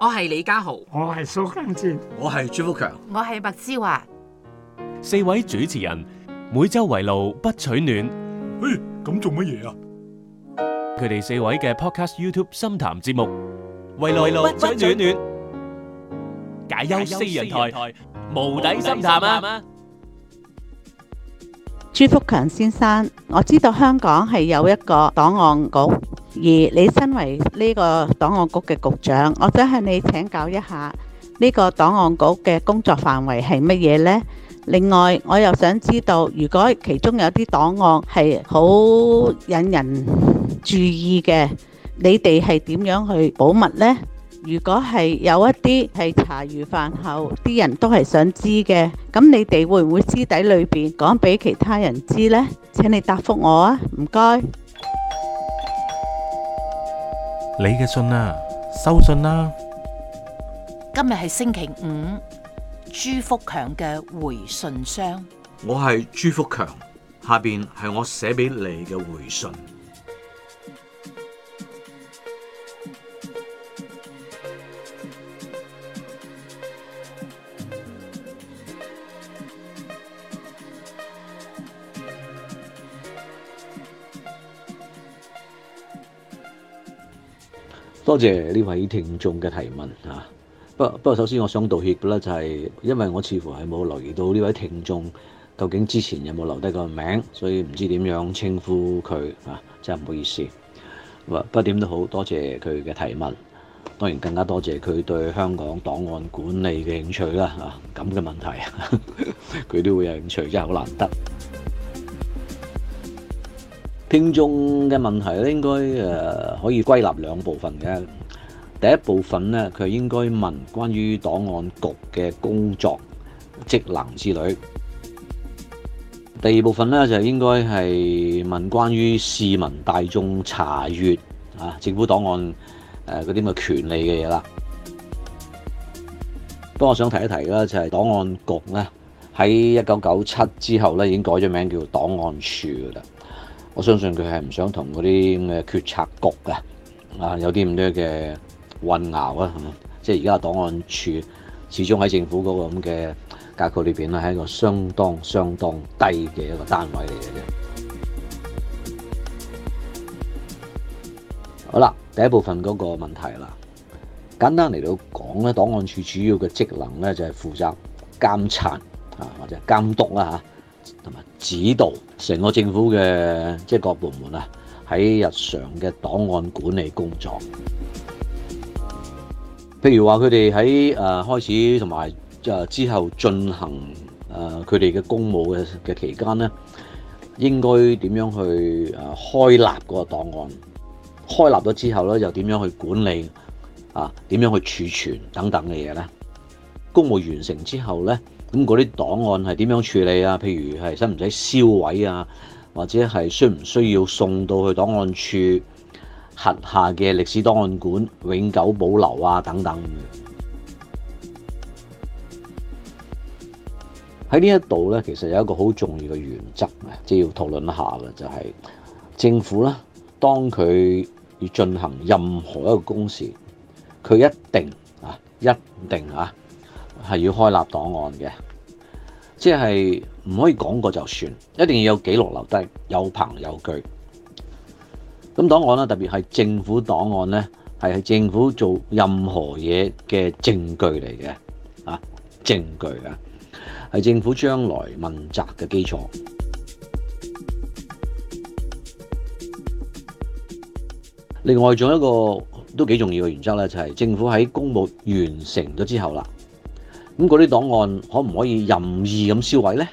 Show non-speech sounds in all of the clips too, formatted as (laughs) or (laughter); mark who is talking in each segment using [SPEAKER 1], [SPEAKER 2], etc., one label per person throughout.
[SPEAKER 1] 我係李家豪，我係蘇根志，我係朱福強，我係麥思華。四位主持人每周圍爐不取暖。誒，咁做乜嘢啊？佢哋四位嘅 Podcast YouTube 深談節目，圍爐不取暖，解憂四人台台，無底深談啊！朱福強先生，我知道香港係有一個檔案局。而你身為呢個檔案局嘅局長，我想向你請教一下，呢個檔案局嘅工作範圍係乜嘢呢？另外，我又想知道，如果其中有啲檔案係好引人注意嘅，你哋係點樣去保密呢？如果係有一啲係茶餘飯後啲人都係想知嘅，咁你哋會唔會私底裏邊講俾其他人知呢？請你答覆我啊！唔該。你嘅信啊，收信啦，啊！今日係星期五，朱福強嘅回信箱。我係朱福強，下邊係我寫俾你嘅回信。多謝呢位聽眾嘅提問嚇，不不過首先我想道歉嘅咧，就係因為我似乎係冇留意到呢位聽眾究竟之前有冇留低個名，所以唔知點樣稱呼佢嚇，真係唔好意思。不過點都好多謝佢嘅提問，當然更加多謝佢對香港檔案管理嘅興趣啦嚇，咁嘅問題佢 (laughs) 都會有興趣，真係好難得。聽眾嘅問題咧，應該誒可以歸納兩部分嘅。第一部分咧，佢應該問關於檔案局嘅工作職能之類；第二部分咧，就應該係問關於市民大眾查閲啊政府檔案誒嗰啲咁嘅權利嘅嘢啦。不過我想提一提啦，就係檔案局咧，喺一九九七之後咧，已經改咗名叫檔案處噶啦。我相信佢係唔想同嗰啲咁嘅決策局啊，啊有啲咁多嘅混淆啊，即係而家檔案處始終喺政府嗰個咁嘅格局裏邊咧，係一個相當相當低嘅一個單位嚟嘅啫。好啦，第一部分嗰個問題啦，簡單嚟到講咧，檔案處主要嘅職能咧就係負責監察啊，或者監督啦嚇。同埋指導成個政府嘅即係各部門啊，喺日常嘅檔案管理工作，譬如話佢哋喺誒開始同埋誒之後進行誒佢哋嘅公務嘅嘅期間咧，應該點樣去誒開立嗰個檔案？開立咗之後咧，又點樣去管理啊？點樣去儲存等等嘅嘢咧？公務完成之後咧，咁嗰啲檔案係點樣處理啊？譬如係使唔使銷毀啊？或者係需唔需要送到去檔案處轄下嘅歷史檔案館永久保留啊？等等。喺呢一度咧，其實有一個好重要嘅原則啊，即係要討論一下嘅，就係政府咧，當佢要進行任何一個公事，佢一定啊，一定啊。係要開立檔案嘅，即係唔可以講過就算，一定要有記錄留低，有憑有據。咁檔案咧，特別係政府檔案咧，係政府做任何嘢嘅證據嚟嘅啊，證據㗎，係政府將來問責嘅基礎。另外，仲有一個都幾重要嘅原則咧，就係政府喺公務完成咗之後啦。咁嗰啲檔案可唔可以任意咁銷毀呢？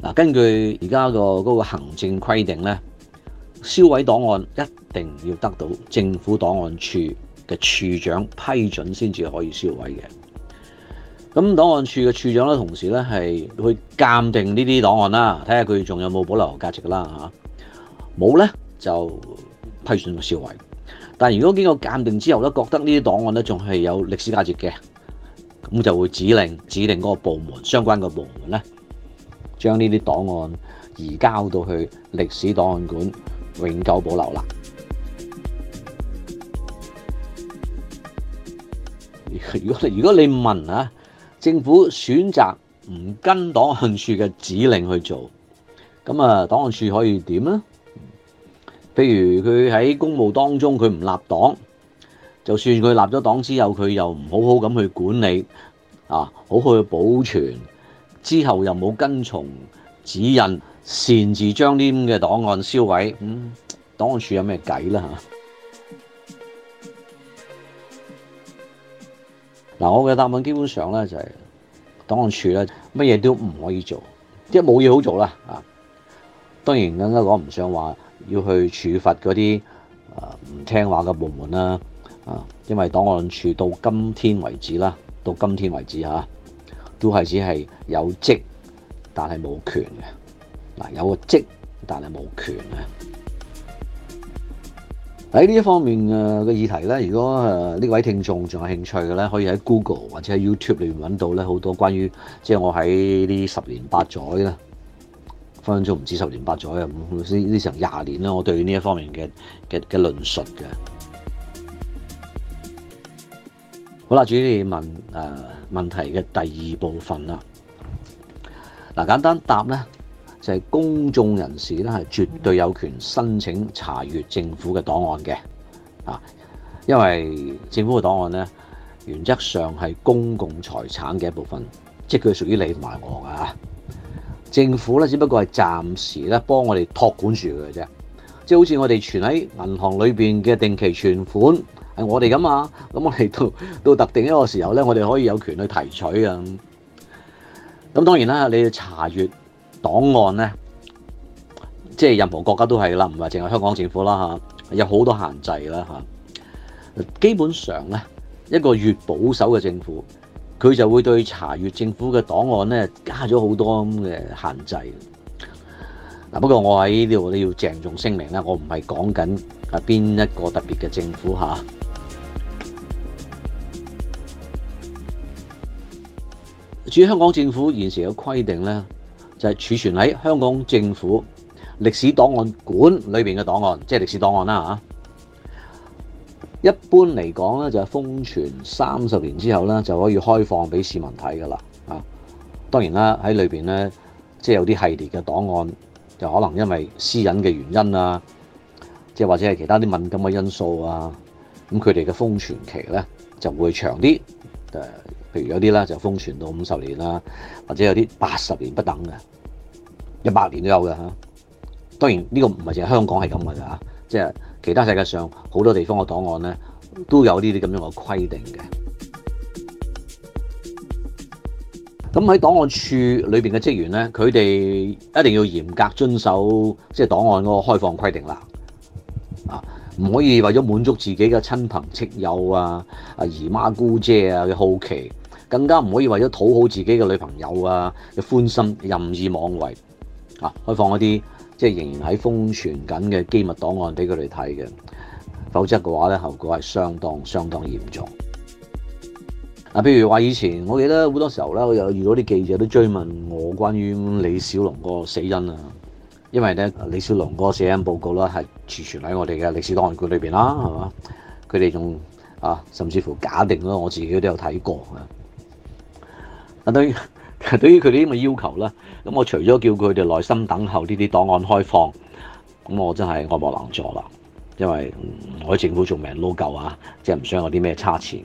[SPEAKER 1] 嗱，根據而家個嗰個行政規定呢，銷毀檔案一定要得到政府檔案處嘅處長批准先至可以銷毀嘅。咁檔案處嘅處長咧，同時咧係去鑑定呢啲檔案啦，睇下佢仲有冇保留價值啦嚇。冇呢就批准佢銷毀。但如果經過鑑定之後咧，覺得呢啲檔案咧仲係有歷史價值嘅。咁就會指令，指令嗰個部門，相關嘅部門咧，將呢啲檔案移交到去歷史檔案館永久保留啦。如果如果你問啊，政府選擇唔跟檔案處嘅指令去做，咁啊檔案處可以點呢？譬如佢喺公務當中佢唔立檔。就算佢立咗檔之後，佢又唔好好咁去管理啊，好好去保存，之後又冇跟從指引，擅自將呢啲檔案銷毀，嗯，檔案處有咩計啦？嗱、啊，我嘅答案基本上咧就係、是、檔案處咧，乜嘢都唔可以做，即係冇嘢好做啦。啊，當然更加講唔上話要去處罰嗰啲誒唔聽話嘅部門啦。啊啊，因為檔案處到今天為止啦，到今天為止吓，都係只係有職，但係冇權嘅。嗱，有個職，但係冇權嘅。喺呢一方面嘅個議題咧，如果誒呢位聽眾仲有興趣嘅咧，可以喺 Google 或者喺 YouTube 裏面揾到咧，好多關於即係我喺呢十年八載啦，分分鐘唔止十年八載啊！呢呢成廿年啦，我對呢一方面嘅嘅嘅論述嘅。好啦，主持問誒、呃、問題嘅第二部分啦。嗱，簡單答咧，就係、是、公眾人士咧係絕對有權申請查閲政府嘅檔案嘅。啊，因為政府嘅檔案咧，原則上係公共財產嘅一部分，即係佢屬於你唔係我噶。政府咧只不過係暫時咧幫我哋託管住佢嘅啫，即係好似我哋存喺銀行裏邊嘅定期存款。係我哋咁啊，咁我哋到到特定一個時候咧，我哋可以有權去提取啊。咁當然啦，你要查閲檔案咧，即係任何國家都係啦，唔係淨係香港政府啦嚇，有好多限制啦嚇。基本上咧，一個越保守嘅政府，佢就會對查閲政府嘅檔案咧加咗好多咁嘅限制。嗱，不過我喺呢度你要鄭重聲明啦，我唔係講緊啊邊一個特別嘅政府嚇。至於香港政府現時嘅規定咧，就係儲存喺香港政府歷史檔案館裏邊嘅檔案，即係歷史檔案啦吓，一般嚟講咧，就係封存三十年之後咧，就可以開放俾市民睇噶啦。啊，當然啦，喺裏邊咧，即係有啲系列嘅檔案，就可能因為私隱嘅原因啊，即係或者係其他啲敏感嘅因素啊，咁佢哋嘅封存期咧就會長啲。誒。譬如有啲啦，就封存到五十年啦，或者有啲八十年不等嘅，一百年都有嘅嚇。當然呢個唔係淨係香港係咁嘅嚇，即係其他世界上好多地方嘅檔案咧都有呢啲咁樣嘅規定嘅。咁喺檔案處裏邊嘅職員咧，佢哋一定要嚴格遵守，即係檔案嗰個開放規定啦，啊，唔可以為咗滿足自己嘅親朋戚友啊、啊姨媽姑姐啊嘅好奇。更加唔可以為咗討好自己嘅女朋友啊嘅歡心，任意妄為啊！開放一啲即係仍然喺封存緊嘅機密檔案俾佢哋睇嘅，否則嘅話咧，後果係相當相當嚴重。啊，譬如話以前，我記得好多時候啦，我有遇到啲記者都追問我關於李小龍個死因啊。因為咧，李小龍個死因報告咧係儲存喺我哋嘅歷史檔案館裏邊啦，係嘛？佢哋仲啊，甚至乎假定囉，我自己都有睇過嘅。 (laughs) 對於對於佢哋咁嘅要求啦，咁我除咗叫佢哋耐心等候呢啲檔案開放，咁我真係愛莫能助啦。因為、嗯、我喺政府做命攞夠啊，即係唔想有啲咩差池。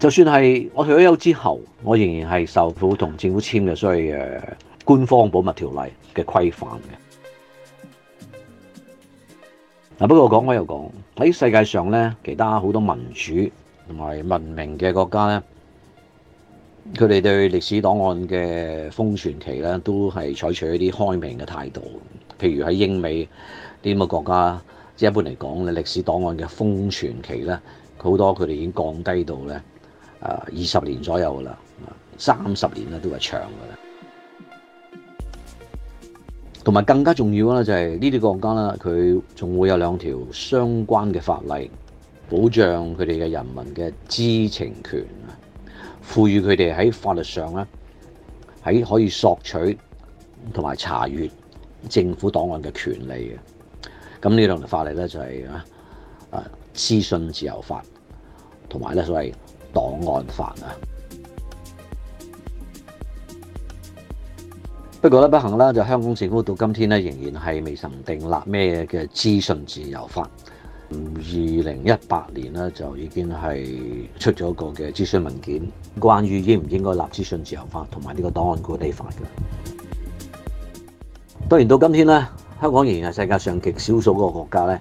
[SPEAKER 1] 就算係我退咗休之後，我仍然係受苦同政府簽嘅，所謂誒官方保密條例嘅規範嘅。嗱，不過講開又講喺世界上咧，其他好多民主同埋文明嘅國家咧。佢哋對歷史檔案嘅封存期咧，都係採取一啲開明嘅態度。譬如喺英美啲咁嘅國家，即係一般嚟講咧，歷史檔案嘅封存期咧，好多佢哋已經降低到咧，誒二十年左右啦，三十年咧都係長㗎喇。同埋更加重要嘅咧、就係，就係呢啲國家咧，佢仲會有兩條相關嘅法例保障佢哋嘅人民嘅知情權。賦予佢哋喺法律上咧，喺可以索取同埋查閲政府檔案嘅權利嘅。咁呢兩條法例咧就係咩？啊，資訊自由法同埋咧所謂檔案法啊。不過咧，不幸啦，就香港政府到今天咧仍然係未曾訂立咩嘅資訊自由法。二零一八年咧就已經係出咗個嘅諮詢文件，關於應唔應該立資訊自由法同埋呢個檔案管理法嘅。當然到今天咧，香港仍然係世界上極少數個國家咧，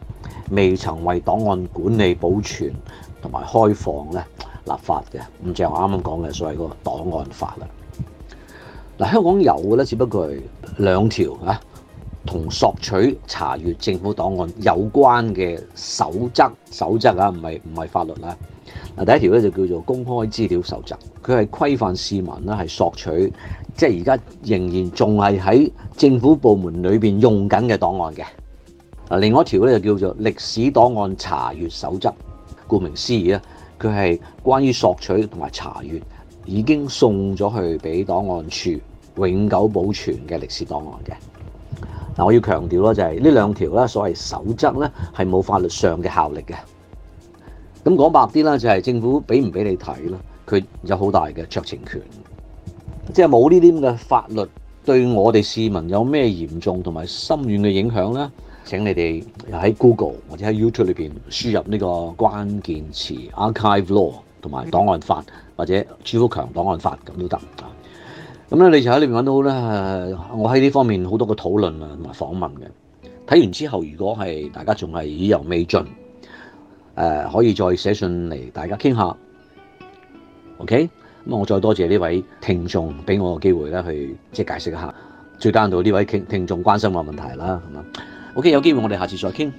[SPEAKER 1] 未曾為檔案管理保存同埋開放咧立法嘅。咁就如我啱啱講嘅，所謂嗰個檔案法啦。嗱，香港有嘅咧，只不過係兩條嚇。同索取查閲政府檔案有關嘅守則，守則啊，唔係唔係法律啦。嗱，第一條咧就叫做公開資料守則，佢係規範市民咧係索取，即係而家仍然仲係喺政府部門裏邊用緊嘅檔案嘅。嗱，另外一條咧就叫做歷史檔案查閲守則，顧名思義啊，佢係關於索取同埋查閲已經送咗去俾檔案處永久保存嘅歷史檔案嘅。嗱，我要強調咯，就係呢兩條咧，所謂守則咧，係冇法律上嘅效力嘅。咁講白啲咧，就係政府俾唔俾你睇咧，佢有好大嘅酌情權。即係冇呢啲咁嘅法律對我哋市民有咩嚴重同埋深遠嘅影響咧？請你哋喺 Google 或者喺 YouTube 裏邊輸入呢個關鍵詞 Archive Law 同埋檔案法，或者朱福強檔案法咁都得。咁咧，你就喺裏面揾到啦。我喺呢方面好多個討論啊，同埋訪問嘅。睇完之後，如果係大家仲係意猶未盡，誒，可以再寫信嚟，大家傾下。OK，咁啊，我再多謝呢位聽眾俾我個機會咧，去即係解釋一下。最緊要呢位聽聽眾關心嘅問題啦，係嘛？OK，有機會我哋下次再傾。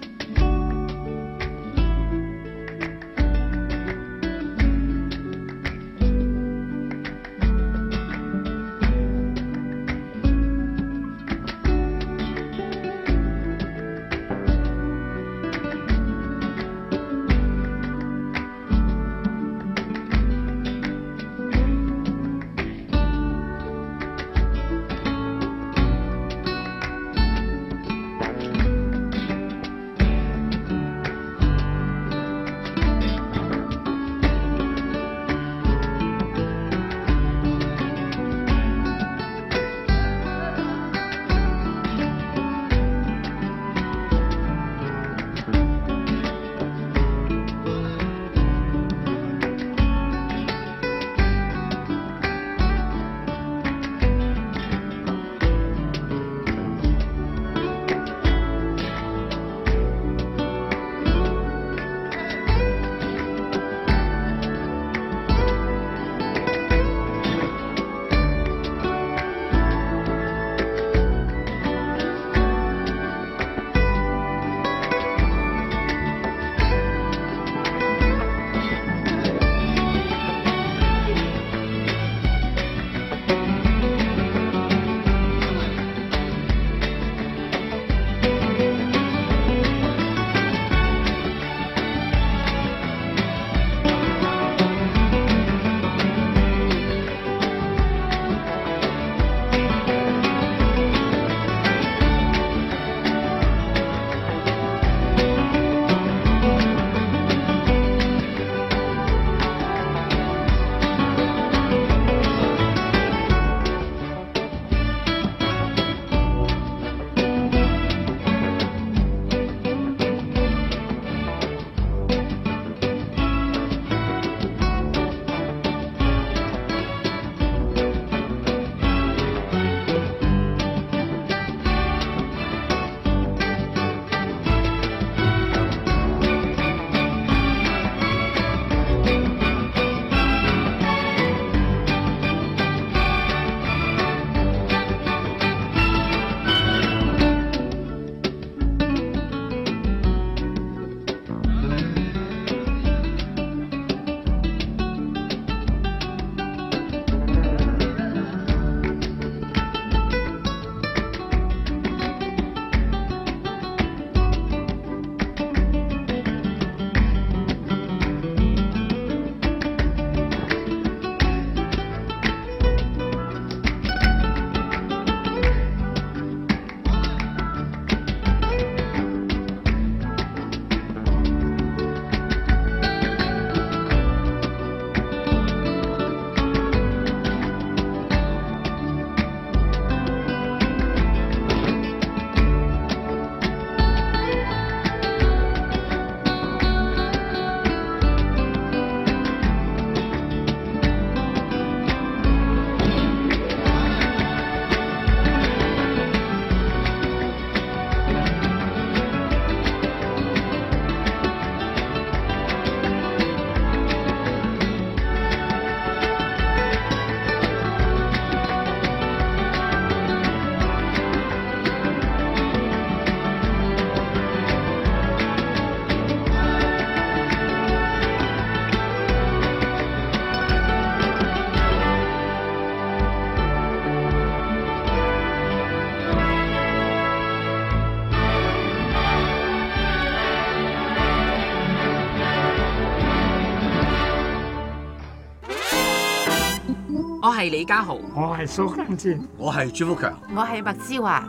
[SPEAKER 1] 係李家豪，我係蘇文健，我係朱福強，我係麥之華。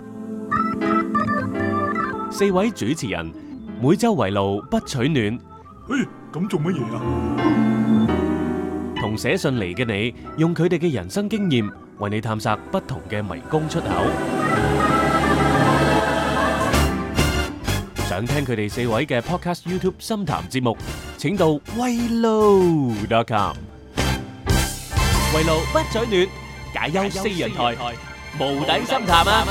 [SPEAKER 1] 四位主持人每周圍爐不取暖。哎，咁做乜嘢啊？同寫信嚟嘅你，用佢哋嘅人生經驗，為你探索不同嘅迷宮出口。想聽佢哋四位嘅 Podcast YouTube 深談節目，請到 weiluo.com。為路不取暖，解憂四,四人台，無底深潭啊！